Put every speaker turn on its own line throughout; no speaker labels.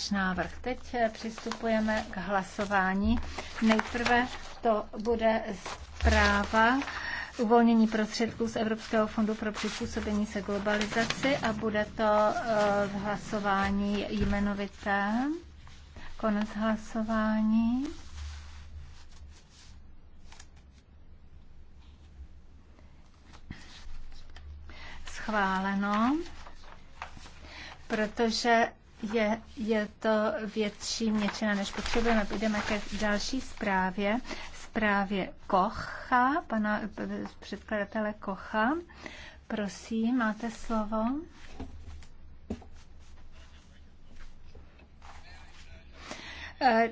náš návrh. Teď eh, přistupujeme k hlasování. Nejprve to bude zpráva uvolnění prostředků z Evropského fondu pro přizpůsobení se globalizaci a bude to eh, hlasování jmenovité. Konec hlasování. Schváleno, protože je, je to větší měčina, než potřebujeme. Půjdeme ke další zprávě, zprávě Kocha, pana předkladatele Kocha. Prosím, máte slovo. Eh,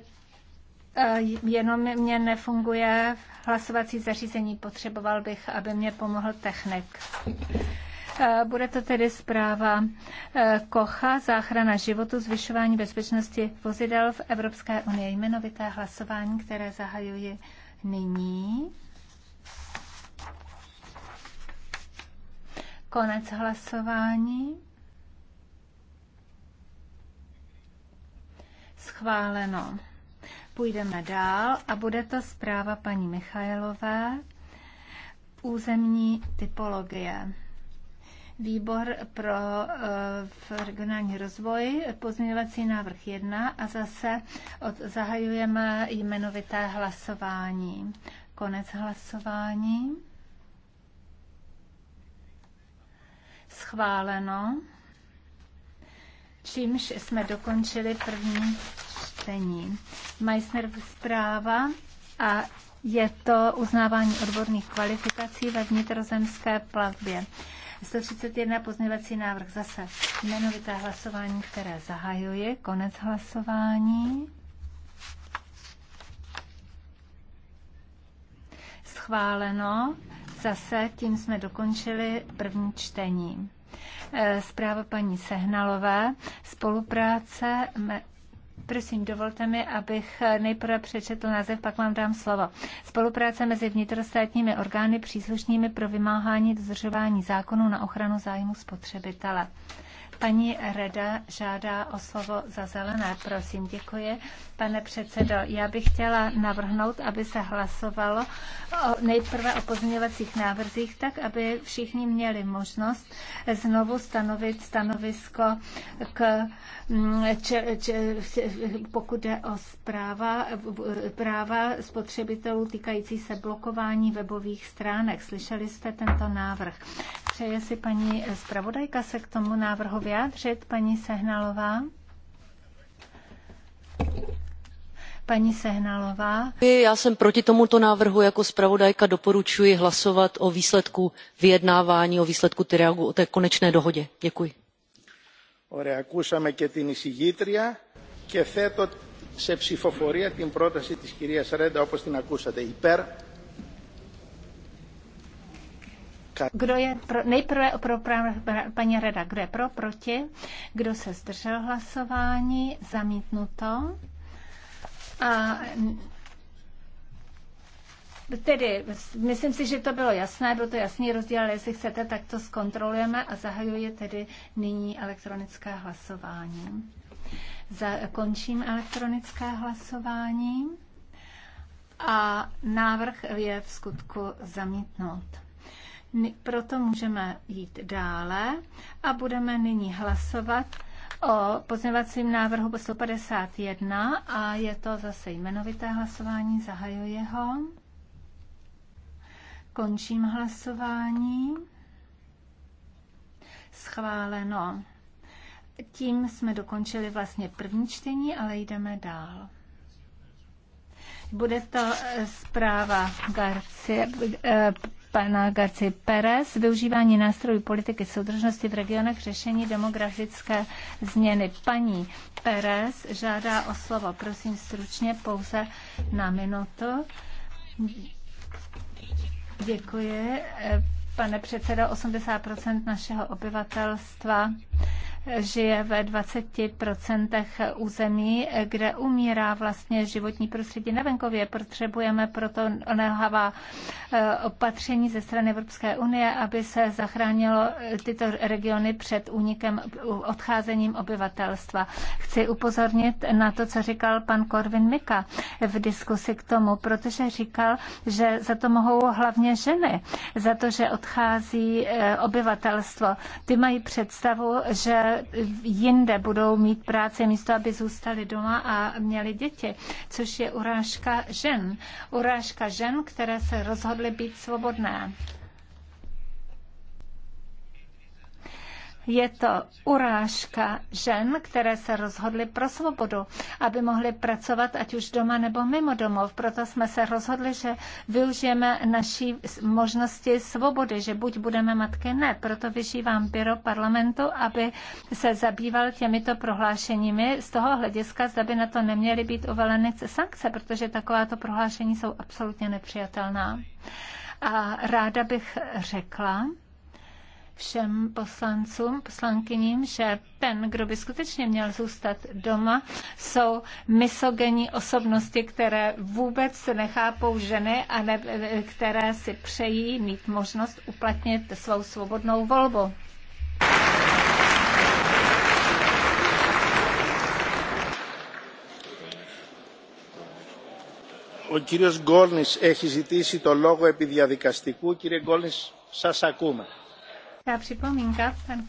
eh, jenom mě nefunguje hlasovací zařízení. Potřeboval bych, aby mě pomohl technik. Eh, bude to tedy zpráva eh, Kocha, záchrana životu, zvyšování bezpečnosti vozidel v Evropské unii. Jmenovité hlasování, které zahajuji nyní. Konec hlasování. Schváleno. Půjdeme dál a bude to zpráva paní Michailové. Územní typologie výbor pro uh, regionální rozvoj, pozměňovací návrh 1 a zase od, zahajujeme jmenovité hlasování. Konec hlasování. Schváleno. Čímž jsme dokončili první čtení. Majsner zpráva a je to uznávání odborných kvalifikací ve vnitrozemské plavbě. 131 pozměvací návrh zase jmenovité hlasování, které zahajuje. Konec hlasování. Schváleno. Zase tím jsme dokončili první čtení. Eh, zpráva paní Sehnalové, spolupráce Prosím, dovolte mi, abych nejprve přečetl název, pak vám dám slovo. Spolupráce mezi vnitrostátními orgány příslušnými pro vymáhání dodržování zákonů na ochranu zájmu spotřebitele. Paní Reda žádá o slovo za zelené, prosím, děkuji. Pane předsedo, já bych chtěla navrhnout, aby se hlasovalo o, nejprve o pozměňovacích návrzích, tak aby všichni měli možnost znovu stanovit stanovisko, k, mm, če, če, pokud jde o zpráva, práva spotřebitelů týkající se blokování webových stránek. Slyšeli jste tento návrh. Přeje si paní zpravodajka se k tomu návrhu vyjádřit, paní Sehnalová? Paní Sehnalová.
Já jsem proti tomuto návrhu jako zpravodajka doporučuji hlasovat o výsledku vyjednávání, o výsledku Tyriagu, o té konečné dohodě. Děkuji.
Ωραία, ακούσαμε και την εισηγήτρια και θέτω σε ψηφοφορία την πρόταση της κυρίας Ρέντα όπως την ακούσατε. Υπέρ, Kdo je pro, nejprve pro paní Reda, kdo je pro, proti, kdo se zdržel hlasování, zamítnuto. A Tedy, myslím si, že to bylo jasné, byl to jasný rozdíl, ale jestli chcete, tak to zkontrolujeme a zahajuje tedy nyní elektronické hlasování. Zakončím končím elektronické hlasování a návrh je v skutku zamítnout. Proto můžeme jít dále a budeme nyní hlasovat o pozměvacím návrhu 151 a je to zase jmenovité hlasování, zahajuje ho. Končím hlasování. Schváleno. Tím jsme dokončili vlastně první čtení, ale jdeme dál. Bude to eh, zpráva Garcia, eh, pana Garci Perez, využívání nástrojů politiky soudržnosti v regionech řešení demografické změny. Paní Perez žádá o slovo, prosím stručně, pouze na minutu. Děkuji. Pane předsedo, 80 našeho obyvatelstva žije ve 20% území, kde umírá vlastně životní prostředí na venkově. Potřebujeme proto nelhavá eh, opatření ze strany Evropské unie, aby se zachránilo tyto regiony před únikem, odcházením obyvatelstva. Chci upozornit na to, co říkal pan Korvin Mika v diskusi k tomu, protože říkal, že za to mohou hlavně ženy, za to, že odchází eh, obyvatelstvo. Ty mají představu, že jinde budou mít práce místo, aby zůstali doma a měli děti, což je urážka žen. Urážka žen, které se rozhodly být svobodné. Je to urážka žen, které se rozhodly pro svobodu, aby mohly pracovat ať už doma nebo mimo domov. Proto jsme se rozhodli, že využijeme naší možnosti svobody, že buď budeme matky, ne. Proto vyžívám byro parlamentu, aby se zabýval těmito prohlášeními z toho hlediska, zda by na to neměly být uvaleny sankce, protože takováto prohlášení jsou absolutně nepřijatelná. A ráda bych řekla, všem poslancům, poslankyním, že ten, kdo by skutečně měl zůstat doma, jsou misogenní osobnosti, které vůbec nechápou ženy a ne, eh, které si přejí mít možnost uplatnit svou svobodnou volbu. Ο κύριος Γκόλνης έχει ζητήσει το λόγο επί διαδικαστικού. Κύριε Γκόλνης, σας ακούμε. Krátká připomínka. Pan...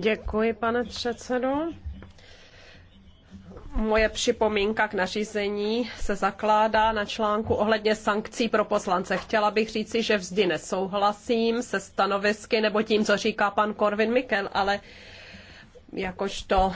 Děkuji, pane předsedo. Moje připomínka k nařízení se zakládá na článku ohledně sankcí pro poslance. Chtěla bych říci, že vždy nesouhlasím se stanovisky nebo tím, co říká pan Korvin Mikel, ale jakožto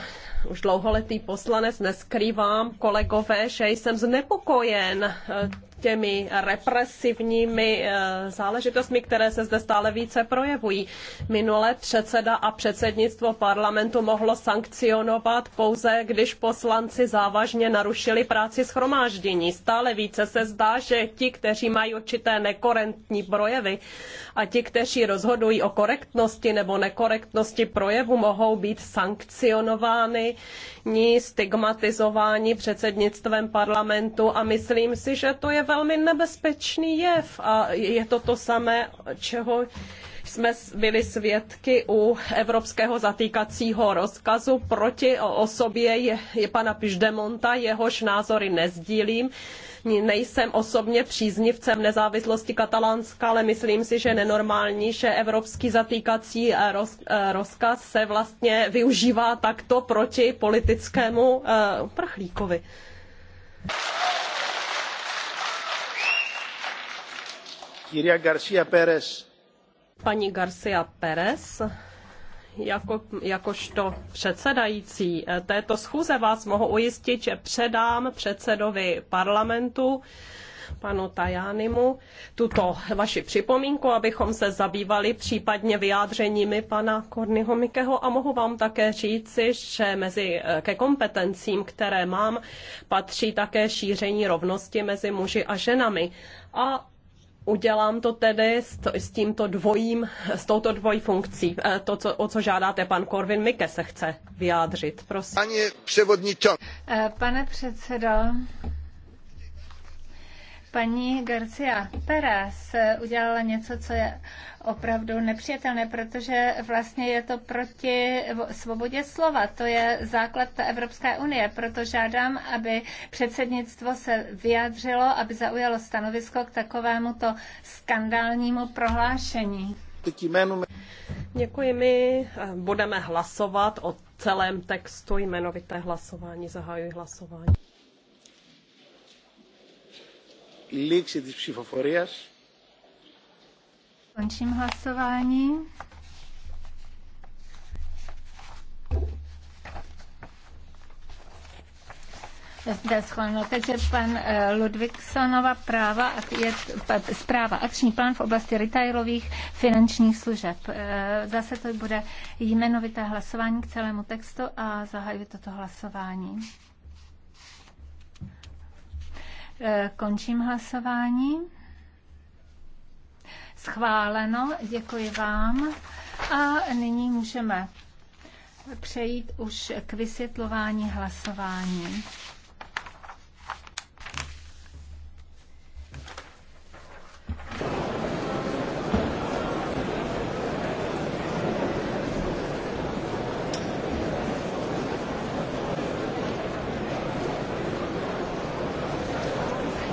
už dlouholetý poslanec neskrývám kolegové, že jsem znepokojen eh, těmi represivními eh, záležitostmi, které se zde stále více projevují. Minule předseda a předsednictvo parlamentu mohlo sankcionovat pouze, když poslanci závažně narušili práci schromáždění. Stále více se zdá, že ti, kteří mají určité nekorentní projevy a ti, kteří rozhodují o korektnosti nebo nekorektnosti projevu, mohou být sankcionovány, ní stigmatizováni předsednictvem parlamentu a myslím si, že to je velmi nebezpečný jev a je to to samé, čeho jsme byli svědky u evropského zatýkacího rozkazu proti osobě je, je pana Piždemonta, jehož názory nezdílím. Nejsem osobně příznivcem nezávislosti Katalánska, ale myslím si, že je nenormální, že evropský zatýkací eh, roz, eh, rozkaz se vlastně využívá takto proti politickému eh, prchlíkovi. Pérez. Paní Garcia Pérez, jako, jakožto předsedající eh, této schůze vás mohu ujistit, že předám předsedovi parlamentu panu Tajánimu tuto vaši připomínku, abychom se zabývali případně vyjádřeními pana Kornyho Mikeho a mohu vám také říci, že mezi eh, ke kompetencím, které mám, patří také šíření rovnosti mezi muži a ženami. A Udělám to tedy s, s tímto dvojím, s touto dvojí funkcí. E, to, co, o co žádáte, pan Korvin Mike se chce vyjádřit. Prosím.
Pane e, předsedo, paní Garcia Perez udělala něco, co je opravdu nepřijatelné, protože vlastně je to proti svobodě slova. To je základ Evropské unie. Proto žádám, aby předsednictvo se vyjádřilo, aby zaujalo stanovisko k takovémuto skandálnímu prohlášení.
Děkuji, my eh, budeme hlasovat o celém textu jmenovité hlasování. Zahajuji hlasování.
Končím hlasování. zde schváleno. Takže pan eh, Ludvíksonova práva je zpráva akční plán v oblasti retailových finančních služeb. Eh, zase to bude jmenovité hlasování k celému textu a zahajuji toto hlasování. Eh, končím hlasování. Schváleno, děkuji vám. A nyní můžeme přejít už k vysvětlování hlasování.